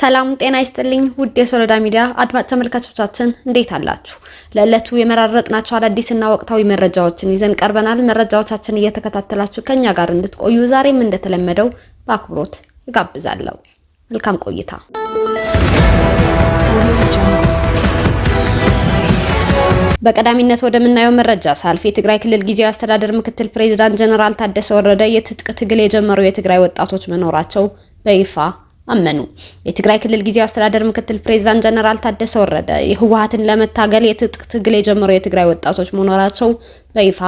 ሰላም ጤና ይስጥልኝ ውድ የሶለዳ ሚዲያ አድማጭ ተመልካቾቻችን እንዴት አላችሁ? ለዕለቱ የመራረጥናቸው አዳዲስና ወቅታዊ መረጃዎችን ይዘን ቀርበናል። መረጃዎቻችን እየተከታተላችሁ ከኛ ጋር እንድትቆዩ ዛሬም እንደተለመደው በአክብሮት እጋብዛለሁ። መልካም ቆይታ። በቀዳሚነት ወደምናየው መረጃ ሳልፍ የትግራይ ክልል ጊዜያዊ አስተዳደር ምክትል ፕሬዚዳንት ጀነራል ታደሰ ወረደ የትጥቅ ትግል የጀመሩ የትግራይ ወጣቶች መኖራቸው በይፋ አመኑ። የትግራይ ክልል ጊዜያዊ አስተዳደር ምክትል ፕሬዚዳንት ጀነራል ታደሰ ወረደ የህወሀትን ለመታገል የትጥቅ ትግል የጀመሩ የትግራይ ወጣቶች መኖራቸው በይፋ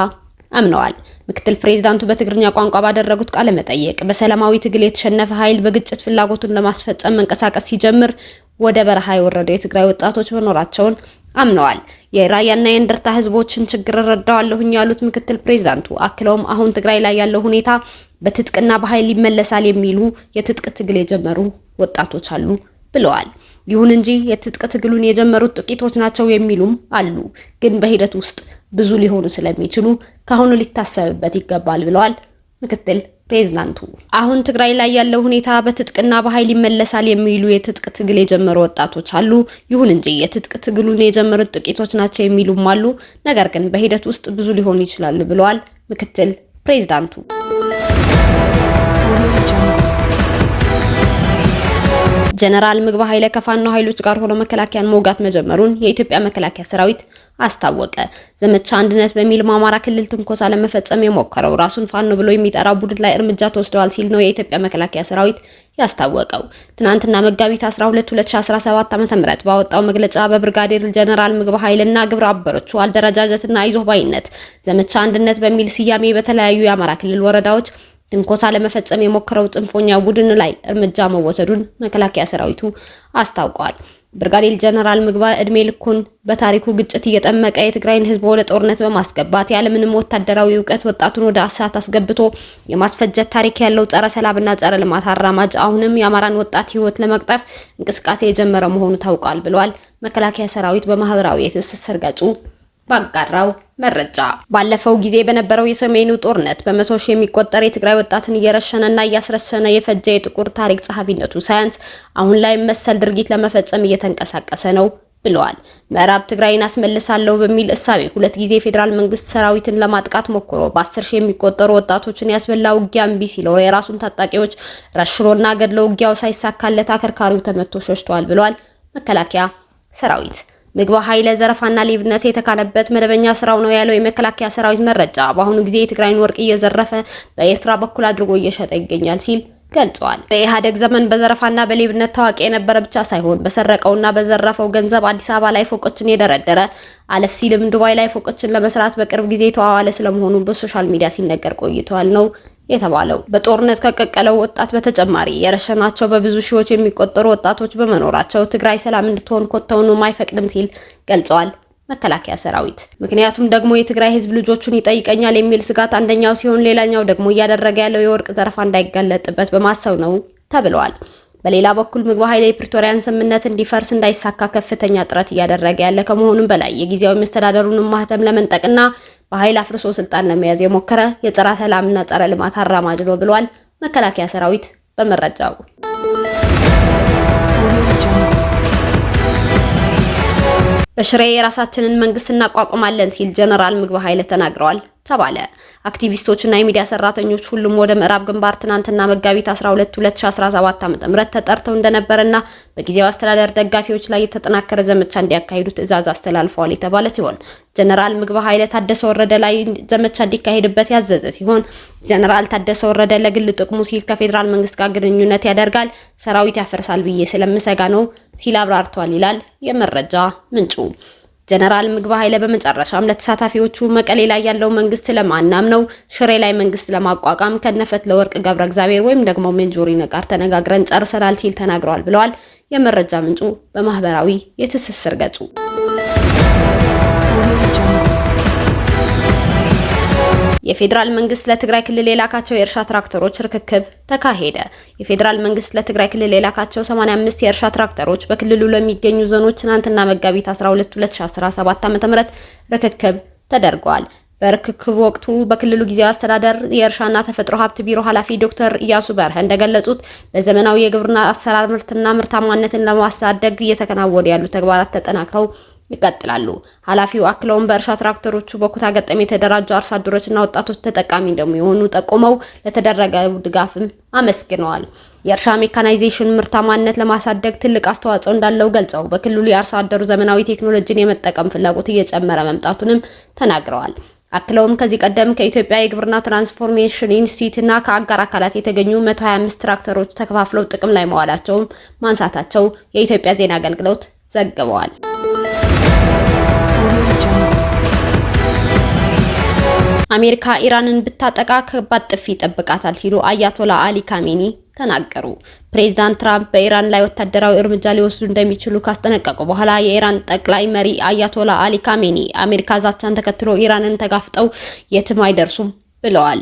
አምነዋል። ምክትል ፕሬዚዳንቱ በትግርኛ ቋንቋ ባደረጉት ቃለ መጠየቅ በሰላማዊ ትግል የተሸነፈ ኃይል በግጭት ፍላጎቱን ለማስፈጸም መንቀሳቀስ ሲጀምር ወደ በረሃ የወረዱ የትግራይ ወጣቶች መኖራቸውን አምነዋል። የራያና የእንደርታ ህዝቦችን ችግር እረዳዋለሁኝ ያሉት ምክትል ፕሬዚዳንቱ አክለውም አሁን ትግራይ ላይ ያለው ሁኔታ በትጥቅና በኃይል ይመለሳል የሚሉ የትጥቅ ትግል የጀመሩ ወጣቶች አሉ ብለዋል። ይሁን እንጂ የትጥቅ ትግሉን የጀመሩት ጥቂቶች ናቸው የሚሉም አሉ። ግን በሂደት ውስጥ ብዙ ሊሆኑ ስለሚችሉ ከአሁኑ ሊታሰብበት ይገባል ብለዋል። ምክትል ፕሬዝዳንቱ አሁን ትግራይ ላይ ያለው ሁኔታ በትጥቅና በኃይል ይመለሳል የሚሉ የትጥቅ ትግል የጀመሩ ወጣቶች አሉ። ይሁን እንጂ የትጥቅ ትግሉን የጀመሩት ጥቂቶች ናቸው የሚሉም አሉ። ነገር ግን በሂደት ውስጥ ብዙ ሊሆኑ ይችላሉ ብለዋል ምክትል ፕሬዝዳንቱ። ጀነራል ምግባ ኃይለ ከፋኖ ኃይሎች ጋር ሆኖ መከላከያን መውጋት መጀመሩን የኢትዮጵያ መከላከያ ሰራዊት አስታወቀ። ዘመቻ አንድነት በሚል አማራ ክልል ትንኮሳ ለመፈጸም የሞከረው ራሱን ፋኖ ብሎ የሚጠራው ቡድን ላይ እርምጃ ተወስደዋል ሲል ነው የኢትዮጵያ መከላከያ ሰራዊት ያስታወቀው። ትናንትና መጋቢት 12 2017 ዓ.ም ባወጣው መግለጫ በብርጋዴር ጀነራል ምግባ ኃይልና ግብረ አበሮቹ አደረጃጀትና አይዞህ ዘመቻ አንድነት በሚል ስያሜ በተለያዩ የአማራ ክልል ወረዳዎች ትንኮሳ ለመፈጸም የሞከረው ጽንፎኛ ቡድን ላይ እርምጃ መወሰዱን መከላከያ ሰራዊቱ አስታውቋል። ብርጋዴር ጀነራል ምግባ እድሜ ልኩን በታሪኩ ግጭት እየጠመቀ የትግራይን ህዝብ ወደ ጦርነት በማስገባት ያለምንም ወታደራዊ እውቀት ወጣቱን ወደ አሳት አስገብቶ የማስፈጀት ታሪክ ያለው ጸረ ሰላምና ጸረ ልማት አራማጅ አሁንም የአማራን ወጣት ሕይወት ለመቅጠፍ እንቅስቃሴ የጀመረ መሆኑ ታውቋል ብለዋል መከላከያ ሰራዊት በማህበራዊ የትስስር ገጹ ባጋራው መረጃ ባለፈው ጊዜ በነበረው የሰሜኑ ጦርነት በመቶ ሺህ የሚቆጠር የትግራይ ወጣትን እየረሸነና እያስረሸነ የፈጀ የጥቁር ታሪክ ጸሐፊነቱ ሳያንስ አሁን ላይ መሰል ድርጊት ለመፈጸም እየተንቀሳቀሰ ነው ብለዋል። ምዕራብ ትግራይን አስመልሳለሁ በሚል እሳቤ ሁለት ጊዜ የፌዴራል መንግስት ሰራዊትን ለማጥቃት ሞክሮ በአስር ሺህ የሚቆጠሩ ወጣቶችን ያስበላ ውጊያ እምቢ ሲለው የራሱን ታጣቂዎች ረሽሮና ገድለው ውጊያው ሳይሳካለት አከርካሪው ተመቶ ሸሽቷል ብለዋል መከላከያ ሰራዊት ምግብ ኃይለ ዘረፋና ሌብነት የተካለበት መደበኛ ስራው ነው ያለው የመከላከያ ሰራዊት መረጃ በአሁኑ ጊዜ የትግራይን ወርቅ እየዘረፈ በኤርትራ በኩል አድርጎ እየሸጠ ይገኛል ሲል ገልጿል። በኢህአደግ ዘመን በዘረፋና በሌብነት ታዋቂ የነበረ ብቻ ሳይሆን በሰረቀውና በዘረፈው ገንዘብ አዲስ አበባ ላይ ፎቆችን የደረደረ አለፍ ሲልም ዱባይ ላይ ፎቆችን ለመስራት በቅርብ ጊዜ የተዋዋለ ስለመሆኑ በሶሻል ሚዲያ ሲነገር ቆይተዋል ነው የተባለው በጦርነት ከቀቀለው ወጣት በተጨማሪ የረሸናቸው በብዙ ሺዎች የሚቆጠሩ ወጣቶች በመኖራቸው ትግራይ ሰላም እንድትሆን ኮተውንም አይፈቅድም ሲል ገልጸዋል መከላከያ ሰራዊት። ምክንያቱም ደግሞ የትግራይ ህዝብ ልጆቹን ይጠይቀኛል የሚል ስጋት አንደኛው ሲሆን፣ ሌላኛው ደግሞ እያደረገ ያለው የወርቅ ዘረፋ እንዳይጋለጥበት በማሰብ ነው ተብለዋል። በሌላ በኩል ምግብ ኃይለ የፕሪቶሪያን ስምምነት እንዲፈርስ እንዳይሳካ ከፍተኛ ጥረት እያደረገ ያለ ከመሆኑም በላይ የጊዜያዊ መስተዳደሩንም ማህተም ለመንጠቅና በኃይል አፍርሶ ስልጣን ለመያዝ የሞከረ የጸረ ሰላምና ጸረ ልማት አራማጅ ነው ብሏል መከላከያ ሰራዊት በመረጃው። በሽሬ የራሳችንን መንግስት እናቋቁማለን ሲል ጀነራል ምግብ ኃይለ ተናግረዋል። ተባለ። አክቲቪስቶችና የሚዲያ ሰራተኞች ሁሉም ወደ ምዕራብ ግንባር ትናንትና መጋቢት 12 2017 ዓ.ም ተጠርተው እንደነበረና በጊዜው አስተዳደር ደጋፊዎች ላይ የተጠናከረ ዘመቻ እንዲያካሂዱ ትዕዛዝ አስተላልፈዋል የተባለ ሲሆን ጀነራል ምግብ ኃይለ ታደሰ ወረደ ላይ ዘመቻ እንዲካሄድበት ያዘዘ ሲሆን ጀነራል ታደሰ ወረደ ለግል ጥቅሙ ሲል ከፌዴራል መንግስት ጋር ግንኙነት ያደርጋል፣ ሰራዊት ያፈርሳል ብዬ ስለምሰጋ ነው ሲል አብራርቷል ይላል የመረጃ ምንጩ። ጀነራል ምግባ ኃይለ በመጨረሻም ለተሳታፊዎቹ መቀሌ ላይ ያለው መንግስት ለማናም ነው ሽሬ ላይ መንግስት ለማቋቋም ከነፈት ለወርቅ ገብረ እግዚአብሔር ወይም ደግሞ ሜንጆሪ ነቃር ተነጋግረን ጨርሰናል ሲል ተናግረዋል ብለዋል የመረጃ ምንጩ በማህበራዊ የትስስር ገጹ። የፌዴራል መንግስት ለትግራይ ክልል የላካቸው የእርሻ ትራክተሮች ርክክብ ተካሄደ። የፌዴራል መንግስት ለትግራይ ክልል የላካቸው 85 የእርሻ ትራክተሮች በክልሉ ለሚገኙ ዞኖች ትናንትና መጋቢት 12 2017 ዓ.ም ርክክብ ተደርጓል። በርክክብ ወቅቱ በክልሉ ጊዜያዊ አስተዳደር የእርሻና ተፈጥሮ ሀብት ቢሮ ኃላፊ ዶክተር እያሱ በርህ እንደገለጹት በዘመናዊ የግብርና አሰራር ምርትና ምርታማነትን ለማሳደግ እየተከናወኑ ያሉ ተግባራት ተጠናክረው ይቀጥላሉ። ኃላፊው አክለውም በእርሻ ትራክተሮቹ በኩታ ገጠም የተደራጁ አርሶ አደሮችና ወጣቶች ተጠቃሚ እንደሚሆኑ ጠቁመው ለተደረገው ድጋፍም አመስግነዋል። የእርሻ ሜካናይዜሽን ምርታማነት ለማሳደግ ትልቅ አስተዋጽኦ እንዳለው ገልጸው በክልሉ የአርሶ አደሩ ዘመናዊ ቴክኖሎጂን የመጠቀም ፍላጎት እየጨመረ መምጣቱንም ተናግረዋል። አክለውም ከዚህ ቀደም ከኢትዮጵያ የግብርና ትራንስፎርሜሽን ኢንስቲትዩት እና ከአጋር አካላት የተገኙ 125 ትራክተሮች ተከፋፍለው ጥቅም ላይ መዋላቸውም ማንሳታቸው የኢትዮጵያ ዜና አገልግሎት ዘግበዋል። አሜሪካ ኢራንን ብታጠቃ ከባድ ጥፊ ይጠብቃታል ሲሉ አያቶላ አሊ ካሜኒ ተናገሩ። ፕሬዚዳንት ትራምፕ በኢራን ላይ ወታደራዊ እርምጃ ሊወስዱ እንደሚችሉ ካስጠነቀቁ በኋላ የኢራን ጠቅላይ መሪ አያቶላ አሊ ካሜኒ አሜሪካ ዛቻን ተከትሎ ኢራንን ተጋፍጠው የትም አይደርሱም ብለዋል።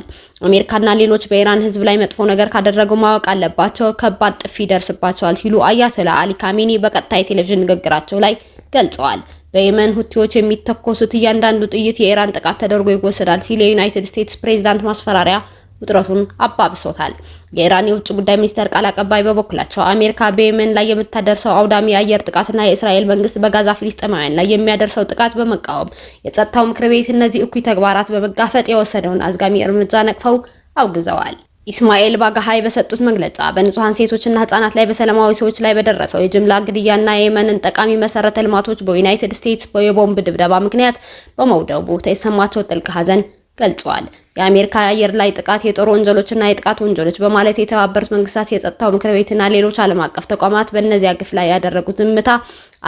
አሜሪካና ሌሎች በኢራን ሕዝብ ላይ መጥፎ ነገር ካደረጉ ማወቅ አለባቸው፣ ከባድ ጥፊ ይደርስባቸዋል ሲሉ አያቶላ አሊ ካሜኒ በቀጥታ የቴሌቪዥን ንግግራቸው ላይ ገልጸዋል። በየመን ሁቲዎች የሚተኮሱት እያንዳንዱ ጥይት የኢራን ጥቃት ተደርጎ ይወሰዳል ሲል የዩናይትድ ስቴትስ ፕሬዚዳንት ማስፈራሪያ ውጥረቱን አባብሶታል። የኢራን የውጭ ጉዳይ ሚኒስቴር ቃል አቀባይ በበኩላቸው አሜሪካ በየመን ላይ የምታደርሰው አውዳሚ የአየር ጥቃትና የእስራኤል መንግስት በጋዛ ፍልስጤማውያን ላይ የሚያደርሰው ጥቃት በመቃወም የጸጥታው ምክር ቤት እነዚህ እኩይ ተግባራት በመጋፈጥ የወሰደውን አዝጋሚ እርምጃ ነቅፈው አውግዘዋል። ኢስማኤል ባጋሃይ በሰጡት መግለጫ በንጹሐን ሴቶችና ህጻናት ላይ በሰላማዊ ሰዎች ላይ በደረሰው የጅምላ ግድያና የየመንን ጠቃሚ መሰረተ ልማቶች በዩናይትድ ስቴትስ የቦምብ ድብደባ ምክንያት በመውደቡ የተሰማቸው ጥልቅ ሀዘን ገልጸዋል። የአሜሪካ የአየር ላይ ጥቃት የጦር ወንጀሎችና የጥቃት ወንጀሎች በማለት የተባበሩት መንግስታት የጸጥታው ምክር ቤትና ሌሎች ዓለም አቀፍ ተቋማት በእነዚያ ግፍ ላይ ያደረጉት ዝምታ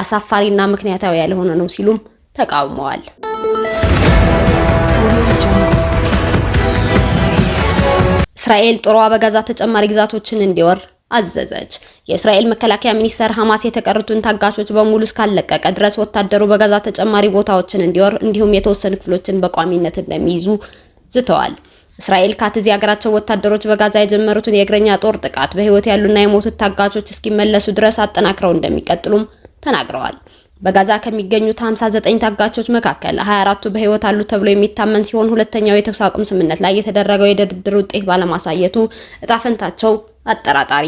አሳፋሪና ምክንያታዊ ያልሆነ ነው ሲሉም ተቃውመዋል። እስራኤል ጦሯ በጋዛ ተጨማሪ ግዛቶችን እንዲወር አዘዘች። የእስራኤል መከላከያ ሚኒስቴር ሐማስ የተቀሩትን ታጋቾች በሙሉ እስካለቀቀ ድረስ ወታደሩ በጋዛ ተጨማሪ ቦታዎችን እንዲወር እንዲሁም የተወሰኑ ክፍሎችን በቋሚነት እንደሚይዙ ዝተዋል። እስራኤል ካትዚ ሀገራቸው ወታደሮች በጋዛ የጀመሩትን የእግረኛ ጦር ጥቃት በህይወት ያሉና የሞቱት ታጋቾች እስኪመለሱ ድረስ አጠናክረው እንደሚቀጥሉም ተናግረዋል። በጋዛ ከሚገኙት 59 ታጋቾች መካከል 24ቱ በህይወት አሉ ተብሎ የሚታመን ሲሆን ሁለተኛው የተኩስ አቁም ስምምነት ላይ የተደረገው የድርድር ውጤት ባለማሳየቱ እጣፈንታቸው አጠራጣሪ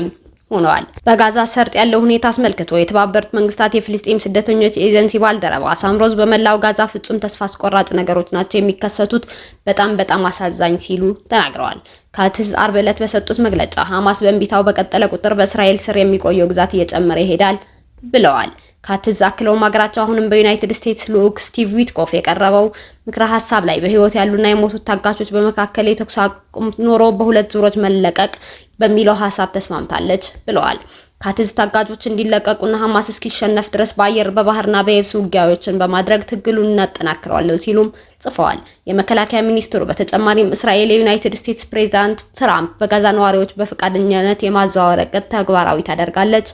ሆነዋል። በጋዛ ሰርጥ ያለው ሁኔታ አስመልክቶ የተባበሩት መንግስታት የፍልስጤም ስደተኞች ኤጀንሲ ባልደረባ ሳምሮዝ በመላው ጋዛ ፍጹም ተስፋ አስቆራጭ ነገሮች ናቸው የሚከሰቱት፣ በጣም በጣም አሳዛኝ ሲሉ ተናግረዋል። ከትዝ አርብ ዕለት በሰጡት መግለጫ ሐማስ በእንቢታው በቀጠለ ቁጥር በእስራኤል ስር የሚቆየው ግዛት እየጨመረ ይሄዳል ብለዋል። ካትዝ አክለውም ሀገራቸው አሁንም በዩናይትድ ስቴትስ ልዑክ ስቲቭ ዊትኮፍ የቀረበው ምክረ ሀሳብ ላይ በህይወት ያሉና የሞቱት ታጋቾች በመካከል የተኩስ አቁም ኖሮ በሁለት ዙሮች መለቀቅ በሚለው ሀሳብ ተስማምታለች ብለዋል። ካትዝ ታጋቾች እንዲለቀቁና ሐማስ እስኪሸነፍ ድረስ በአየር በባህርና በየብስ ውጊያዎችን በማድረግ ትግሉን እናጠናክረዋለን ሲሉም ጽፈዋል። የመከላከያ ሚኒስትሩ በተጨማሪም እስራኤል የዩናይትድ ስቴትስ ፕሬዚዳንት ትራምፕ በጋዛ ነዋሪዎች በፈቃደኛነት የማዘዋወር እቅድ ተግባራዊ ታደርጋለች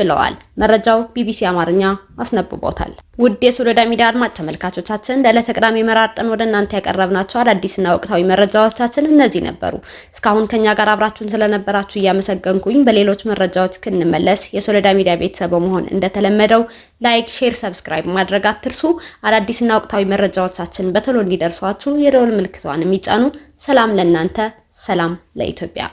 ብለዋል። መረጃው ቢቢሲ አማርኛ አስነብቦታል። ውድ የሶሎዳ ሚዲያ አድማጭ ተመልካቾቻችን ለዕለተ ቅዳሜ መራርጠን ወደ እናንተ ያቀረብናቸው አዳዲስና ወቅታዊ መረጃዎቻችን እነዚህ ነበሩ። እስካሁን ከኛ ጋር አብራችሁን ስለነበራችሁ እያመሰገንኩኝ በሌሎች መረጃዎች ክንመለስ የሶሎዳ ሚዲያ ቤተሰብ በመሆን እንደተለመደው ላይክ፣ ሼር፣ ሰብስክራይብ ማድረግ አትርሱ። አዳዲስና ወቅታዊ መረጃዎቻችን በቶሎ እንዲደርሷችሁ የደወል ምልክቷን የሚጫኑ ሰላም ለእናንተ ሰላም ለኢትዮጵያ